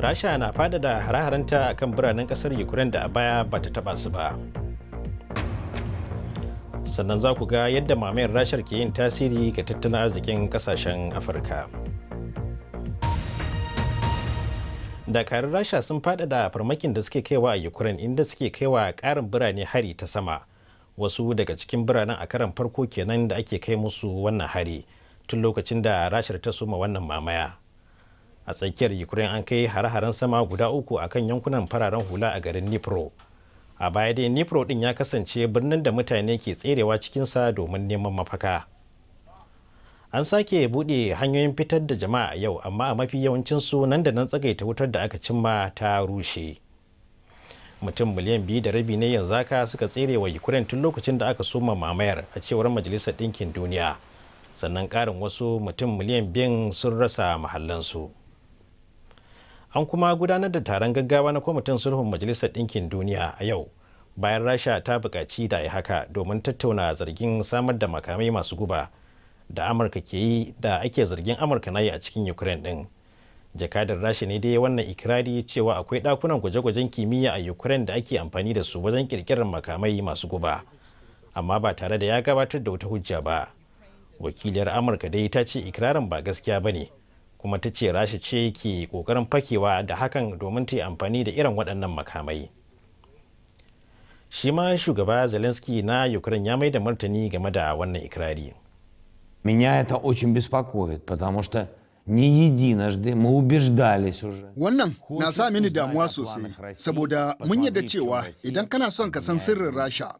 rasha na faɗaɗa hare-harenta kan biranen ƙasar ukraine da a baya ba ta taba su ba sannan za ku ga yadda mamayar rashar ke yin tasiri ga tattalin arzikin ƙasashen afirka dakarun rasha sun faɗaɗa farmakin da suke kaiwa a ukraine inda suke kaiwa ƙarin birane hari ta sama wasu daga cikin biranen a karan farko kenan da ake kai musu wannan hari tun lokacin da rashar ta suma wannan mamaya a tsakiyar ukraine an kai hare-haren sama guda uku a kan yankunan fararen hula a garin nipro a baya dai nipro din ya kasance birnin da mutane ke tserewa cikinsa domin neman mafaka an sake buɗe hanyoyin fitar da jama'a yau amma a mafi yawancinsu nan da nan tsagaita wutar da aka cimma ta rushe mutum miliyan biyu da rabi ne yanzu haka suka tsere wa ukraine tun lokacin da aka soma mamayar a cewar majalisar ɗinkin duniya sannan ƙarin wasu mutum miliyan biyan sun rasa mahallansu. an kuma gudanar da taron gaggawa na kwamitin sulhun majalisar ɗinkin duniya a yau bayan rasha ta buƙaci da ya haka domin tattauna zargin samar da makamai masu guba da amurka ke yi da ake zargin amurka na yi a cikin ukraine ɗin jakadar rasha ne dai wannan ikirari cewa akwai ɗakunan gwaje-gwajen kimiyya a ukraine da ake amfani da su wajen ƙirƙirar makamai masu guba amma ba tare da ya gabatar da wata hujja ba wakiliyar amurka dai ta ce ikirarin ba gaskiya ba ne kuma ta ce rashi ce ke kokarin fakewa da hakan domin ta yi amfani da irin waɗannan makamai shi ma shugaba zelensky na ukraine ya mai da martani game da wannan ikirari Меня это очень беспокоит, потому что не единожды мы убеждались уже. Wannan na sa mini damuwa sosai, saboda mun yadda cewa idan kana son ka san sirrin Rasha,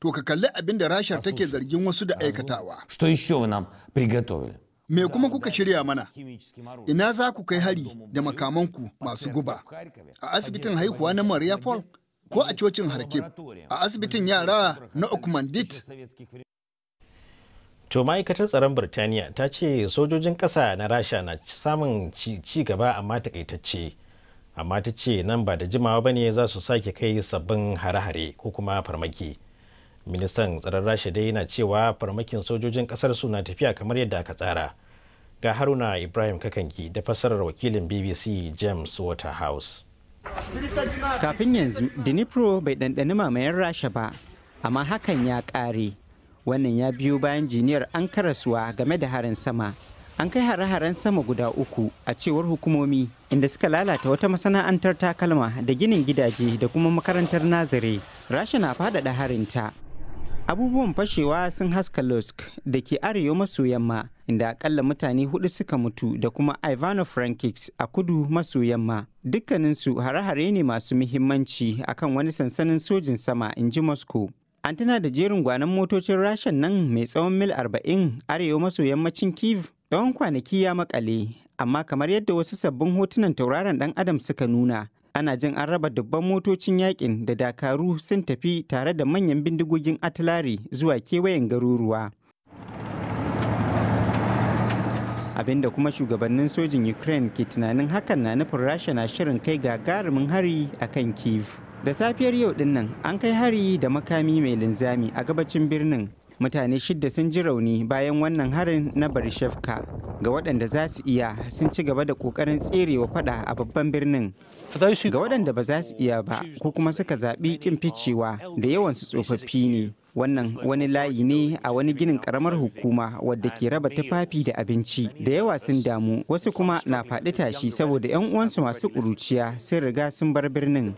to ka kalli abin da Rasha take zargin wasu da aikatawa. Что еще вы нам приготовили? Me kuma kuka shirya mana? Ina za ku kai hari da makamanku masu guba? A asibitin haihuwa na Maria Paul? Ko a cocin Harkib? A asibitin yara na Okmandit? To ma'aikatar tsaron Birtaniya ta ce sojojin ƙasa na Rasha na samun ci gaba amma takaitacce. Amma ta ce nan ba da jimawa ba ne za su sake kai sabbin hare-hare ko kuma farmaki. ministan tsaron rasha dai yana cewa farmakin sojojin kasar su na tafiya kamar yadda aka tsara ga haruna ibrahim kakanki da fassarar wakilin bbc james waterhouse kafin yanzu dinipro bai ɗanɗani mamayar rasha ba amma hakan ya ƙare wannan ya biyo bayan jiniyar an karasuwa game da harin sama an kai hare-haren sama guda uku a cewar hukumomi inda suka lalata wata masana'antar takalma da ginin gidaje da kuma makarantar nazare rasha na faɗaɗa harinta abubuwan fashewa sun haska lusk da ke arewa maso yamma inda akalla mutane hudu suka mutu da kuma ivano frankics a kudu maso yamma dukkaninsu hare-hare ne masu muhimmanci akan wani sansanin sojin sama in ji moscow an tana da jerin gwanon motocin rashen nan mai tsawon mil 40 arewa maso yammacin kiev tsawon kwanaki ya makale amma kamar yadda wasu sabbin hotunan tauraron dan adam suka nuna ana jin an raba dubban motocin yakin da dakaru sun tafi tare da manyan bindigogin atilari zuwa kewayen garuruwa abinda kuma shugabannin sojin ukraine ke tunanin hakan na nufin rasha na shirin kai gagarumin hari a kan kiev da safiyar yau dinnan an kai hari da makami mai linzami a gabacin birnin mutane shidda sun ji rauni bayan wannan harin na barishevka ga waɗanda za su iya sun ci gaba da ƙoƙarin tserewa fada a babban birnin ga waɗanda ba za su iya ba ko kuma suka zaɓi ƙin ficewa da yawansu tsofaffi ne wannan wani layi ne a wani ginin karamar hukuma wadda ke raba tufafi da abinci da yawa sun damu wasu kuma na faɗi tashi saboda 'yan uwansu masu ƙuruciya sun riga sun bar birnin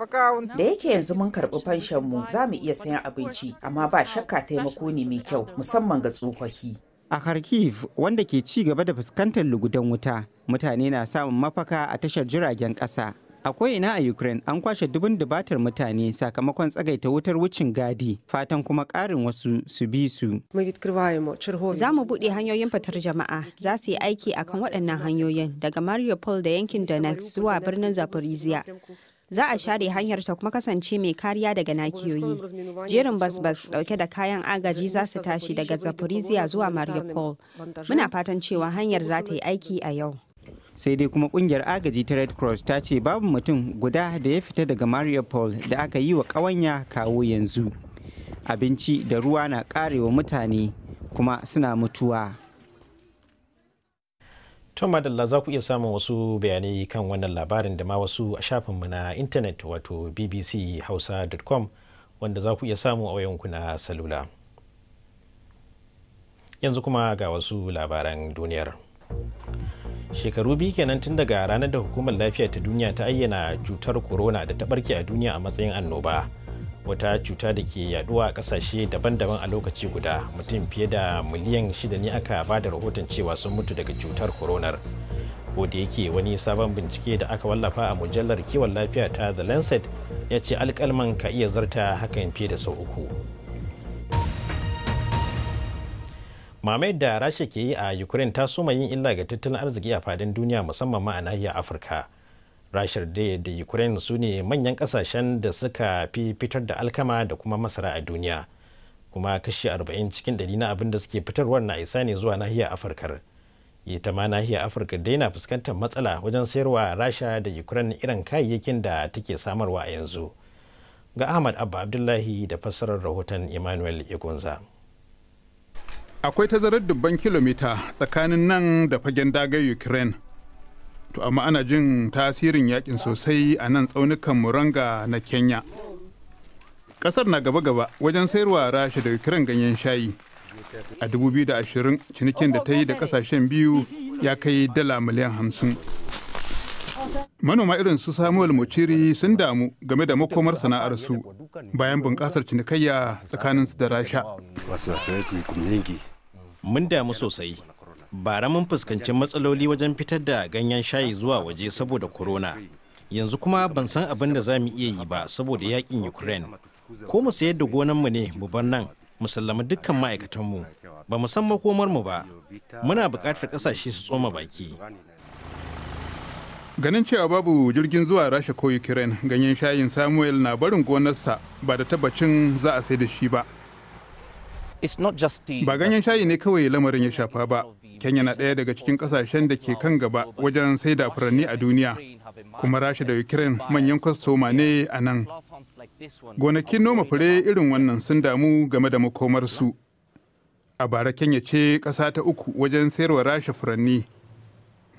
da yake yanzu mun karɓi fanshan mu za mu iya sayan abinci amma ba shakka taimako ne mai kyau musamman ga tsofaffi a kharkiv wanda ke ci gaba da fuskantar lugudan wuta mutane na samun mafaka a tashar jiragen ƙasa A ko'ina a Ukraine an kwashe dubin dubatar mutane sakamakon tsagaita wutar wucin gadi fatan kuma karin wasu su bi su. Za mu buɗe hanyoyin fitar jama'a za su yi aiki akan waɗannan hanyoyin daga Mariupol da yankin Donetsk zuwa birnin Zaporizhia. za a share hanyar ta kuma kasance mai kariya daga nakiyoyi jerin bas-bas dauke da kayan agaji za su tashi daga zaporizhia zuwa mariupol muna fatan cewa hanyar za ta yi aiki a yau sai dai kuma kungiyar agaji ta red cross ta ce babu mutum guda da ya fita daga mariupol da aka yi wa kawanya kawo yanzu abinci da ruwa na karewa mutane kuma suna mutuwa to madalla za ku iya samun wasu bayanai kan wannan labarin da ma wasu a shafinmu na intanet wato bbc hausa.com wanda za ku iya samu a wayanku na salula yanzu kuma ga wasu labaran duniyar. shekaru biyu kenan tun daga ranar da hukumar lafiya ta duniya ta ayyana cutar corona da ta barke a duniya a matsayin annoba wata cuta da ke yaduwa a kasashe daban-daban a lokaci guda mutum fiye da miliyan shida ne aka ba da rahoton cewa sun mutu daga cutar coronar ko da yake wani sabon bincike da aka wallafa a mujallar kiwon lafiya ta the lancet ya ce alkalman ka iya zarta hakan fiye da sau uku mamayar da rasha ke yi a ukraine ta suma yin illa ga tattalin arziki a fadin duniya musamman ma a nahiyar afirka rashar da da ukraine su ne manyan kasashen da suka fi fitar da alkama da kuma masara a duniya kuma kashi 40 cikin ɗari na abin da suke fitarwar na isa ne zuwa nahiyar afirkar ita ma nahiyar afirka dai na fuskantar matsala wajen sayarwa rasha da ukraine irin kayayyakin da take samarwa a yanzu ga ahmad abba abdullahi da fassarar rahoton emmanuel igunza. akwai tazarar dubban kilomita tsakanin nan da fagen dagar ukraine to amma ana jin tasirin yakin sosai a nan tsaunukan muranga na kenya kasar na gaba-gaba wajen sayarwa rasha da ukraine ganyen shayi a 2020 cinikin da ta yi da kasashen biyu ya kai dala miliyan hamsin. Manoma irin su Samuel Muciri sun damu game da makomar sana'arsu bayan bunƙasar cinikayya tsakanin su da Rasha. Mun damu sosai. Bara mun fuskanci matsaloli wajen fitar da ganyen shayi zuwa waje saboda corona. Yanzu kuma ban san abin da za mu iya yi ba saboda yakin Ukraine. Ko mu sayar da mu ne mu bar nan mu sallami dukkan ma'aikatanmu ba mu san makomar mu ba muna buƙatar ƙasashe su tsoma baki ganin cewa babu jirgin zuwa rasha ko ukraine ganyen shayin samuel na barin gonarsa ba da tabbacin za a sai da shi ba ba ganyen shayi ne kawai lamarin ya shafa ba kenya na ɗaya daga cikin ƙasashen da ke kan gaba wajen sai da furanni a duniya kuma rasha da ukraine manyan kwastoma ne a nan gonakin noma fure irin wannan sun damu game da makomarsu a bara kenya ce ƙasa ta uku wajen sayarwa rasha furanni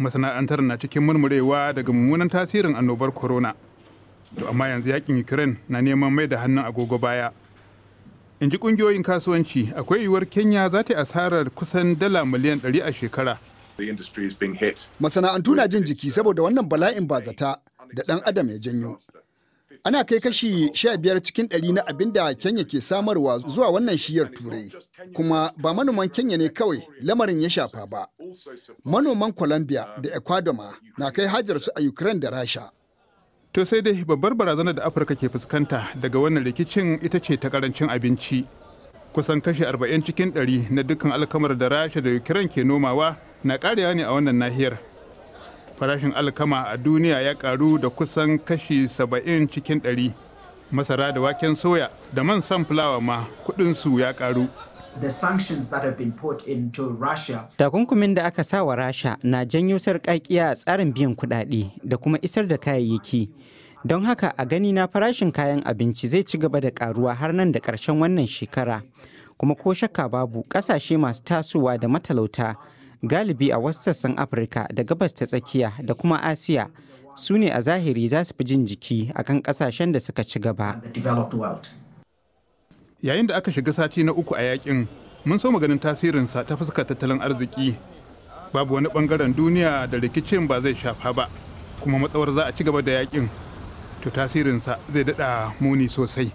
masana'antar na cikin murmurewa daga mummunan tasirin annobar corona to amma yanzu yakin ukraine na neman mai da hannun agogo baya in ji kungiyoyin kasuwanci akwai yiwuwar kenya za ta asarar kusan dala miliyan 100 a shekara masana'antu na jin jiki saboda wannan bala'in ba zata da dan adam ya janyo ana kai kashi 15 cikin ɗari na abin da kenya ke samarwa zuwa wannan shiyar turai kuma ba manoman kenya ne kawai lamarin ya shafa ba manoman colombia da ecuador ma na kai su a ukraine da rasha to sai dai babbar barazanar da afirka ke fuskanta daga wannan rikicin ita ce ta karancin abinci kusan kashi 40 cikin 100 na dukkan alkamar da rasha da ukraine ke nomawa na karewa ne a wannan nahiyar farashin alkama a duniya ya karu da kusan kashi 70 cikin 100 masara da waken soya da man sunflower ma kudinsu ya karu Takunkumin da aka sa wa Rasha na janyo sarƙaƙiya a tsarin biyan kuɗaɗe da kuma isar da kayayyaki. Don haka a gani na farashin kayan abinci zai ci gaba da ƙaruwa har nan da ƙarshen wannan shekara. Kuma ko shakka babu ƙasashe masu tasowa da matalauta galibi a wasu sassan afirka da gabas ta tsakiya da kuma asiya su ne a zahiri za su fi jin jiki a kan kasashen da suka ci gaba yayin da aka shiga sati na uku a yakin mun so maganin tasirinsa ta fuskar tattalin arziki babu wani bangaren duniya da rikicin ba zai shafa ba kuma matsawar za a ci gaba da yakin to tasirinsa zai daɗa muni sosai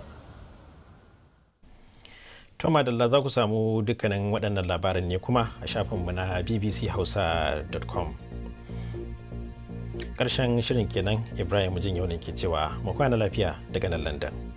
To madalla za ku samu dukkanin waɗannan labaran ne kuma a shafinmu na bbchausa.com. Ƙarshen shirin kenan Ibrahim Jin yau ne ke cewa mu kwana lafiya daga nan London.